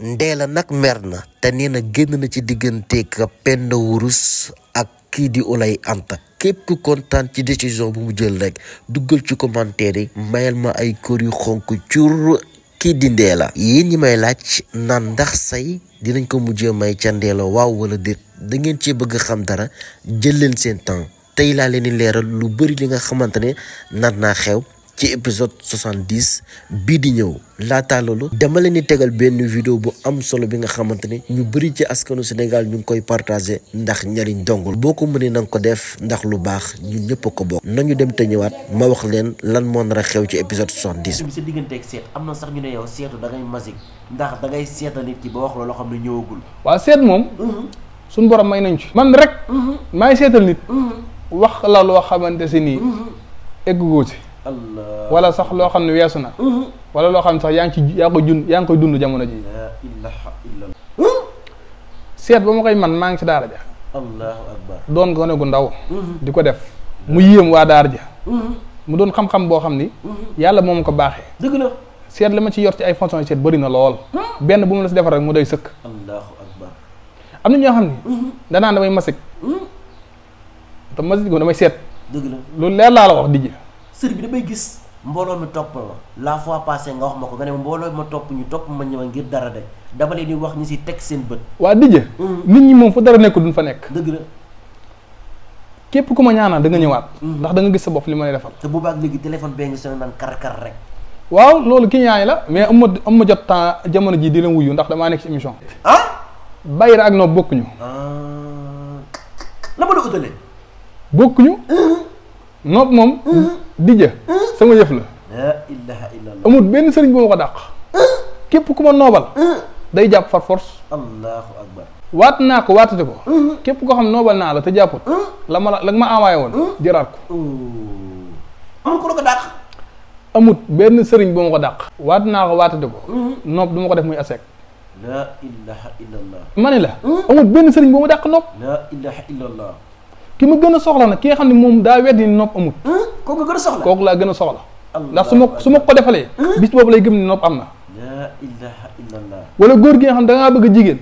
Ndella nag mer na te nee na génn na ci diggante ka Penda Wurus ak kii di Olay Anta képp ku kontaan ci décision bu mu jël rek duggal ci commentaire yi mayal ma ay kor yu xonq cur kii di Ndella yéen ñi may laaj naan ndax say dinañ ko mujjee may ca Ndella waaw wala déet da ngeen cee bëgg xam dara jël leen seen temps tey laa leen di leeral lu bëri li nga xamante ne nar naa xew ci épisode 70 bii di ñëw laataa loolu dama leen di tegal benn vidéo bu am solo bi nga xamante ni ñu bëri ci askanu Sénégal ñu ngi koy partagé ndax njariñ dongul boo ko mënee na nga ko def ndax lu baax ñu ñëpp a ko bokk nañu dem te ñëwaat ma wax leen lan moo nar a xew bi sa diggante ak seet am na sax ñu ne yow seetu da da ngay seetal nit ki ba wax loo xam ne ñëwagul. waaw seet moom. Mhm. suñu borom may nañ ci. man rek. Mhm. maay seetal nit. Mhm. wax la loo xamante si nii. eggugoo ci. wala sax loo xam ne weesu na mm-hmm. wala loo xam ne sax yaa ngi ci yaa koy jun yaa ngi koy dund jamono ji hmm? seet ba ma koy man maa ngi ci daara ja doon gone gu ndaw mm-hmm. di ko def mu yéem waa daar ja mm-hmm. mu doon xam-xam boo xam ni yàlla moom ko baaxee dëgg la seet li ma ci yor ci ay fonction seet bëri na lool hmm? benn bu mu la mu doy sëkk allahu am na ñoo xam ne danaa damay masik leer laa la wax di ji bi damay gis mbooloo mi topp ma la fois passée nga wax ma ko nga ne mbooloo ma topp ñu topp ma ñëw ngir dara de dama leen di wax ñu si teg seen bët. waa Didier. Mm. nit ñi moom fu dara du duñ fa nekk. dëgg la. képp ku ma ñaanal da nga ñëwaat. Mm. ndax da nga gis sa bopp li ma lay defal. te boobaag léegi téléphone bee ngi sonné naan kar kar rek. waaw loolu ki ñaay la mais am ma am ma jot temps jamono jii di leen ndax damaa nekk ci émission. ah. Bayra ak Noob bokkuñu. Ah. la ma la utalee. Mm-hmm. moom. Mm-hmm. dija sama yëf la. amut benn sëriñ bu ma ko dàq. képp ku ma noobal. jàpp far force. allahu waat naa ko waatate ko. képp koo xam noobal naa la te jàpput. la ma la ma envoyé woon. jëraat ko. amul amut benn sëriñ bu ma ko dàq. waat naa ko waatate ko. noob duma ko def muy asek. la ne la. amut benn sëriñ bu ma dàq nopp. la ilaha ki ma gën a soxla nag ki nga xam ne moom daa weddi nopp amut. kooku nga gën a laa gën a soxla ndax su ma su ma ko defalee bis boobu lay gëm ne nopp am na la wala góor gi nga xam da ngaa bëgg jigéen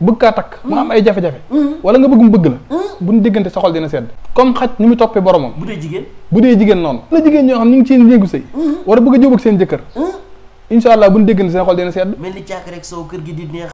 bëgg kaa takk mu am ay jafe-jafe wala nga bëgg mu bëgg la buñ diggante sa xol dina sedd comme xaj ni mu toppee boromam bu dee jigéen bu dee jigéen noonu la jigéen ñoo xam ñu ngi ci néegu sëy wala bëgg a jóg ak seen jëkkër incha allah buñ déggante seen xol dina sedd mel ni rek soo kër gi di